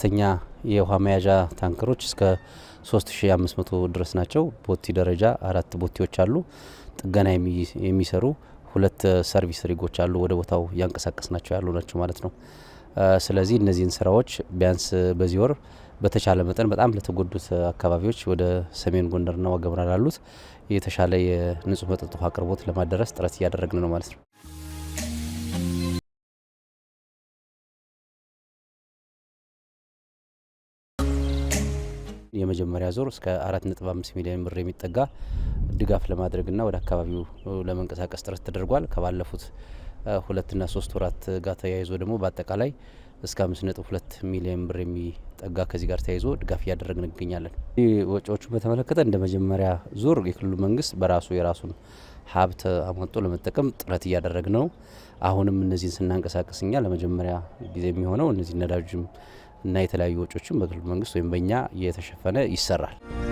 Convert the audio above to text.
ሁለተኛ የውሃ መያዣ ታንከሮች እስከ 3500 ድረስ ናቸው። ቦቲ ደረጃ አራት ቦቲዎች አሉ። ጥገና የሚሰሩ ሁለት ሰርቪስ ሪጎች አሉ። ወደ ቦታው እያንቀሳቀስ ናቸው ያሉ ናቸው ማለት ነው። ስለዚህ እነዚህን ስራዎች ቢያንስ በዚህ ወር በተቻለ መጠን በጣም ለተጎዱት አካባቢዎች ወደ ሰሜን ጎንደርና ዋገምራ ላሉት የተሻለ የንጹህ መጠጥ ውሃ አቅርቦት ለማደረስ ጥረት እያደረግን ነው ማለት ነው። የመጀመሪያ ዙር እስከ 4.5 ሚሊዮን ብር የሚጠጋ ድጋፍ ለማድረግና ወደ አካባቢው ለመንቀሳቀስ ጥረት ተደርጓል። ከባለፉት ሁለትና ሶስት ወራት ጋር ተያይዞ ደግሞ በአጠቃላይ እስከ 5.2 ሚሊዮን ብር የሚጠጋ ከዚህ ጋር ተያይዞ ድጋፍ እያደረግን እንገኛለን። ወጪዎቹን በተመለከተ እንደ መጀመሪያ ዙር የክልሉ መንግስት በራሱ የራሱን ሀብት አሟጦ ለመጠቀም ጥረት እያደረግ ነው። አሁንም እነዚህን ስናንቀሳቀስኛ ለመጀመሪያ ጊዜ የሚሆነው እነዚህ ነዳጅም እና የተለያዩ ወጪዎችም በክልሉ መንግስት ወይም በእኛ እየተሸፈነ ይሰራል።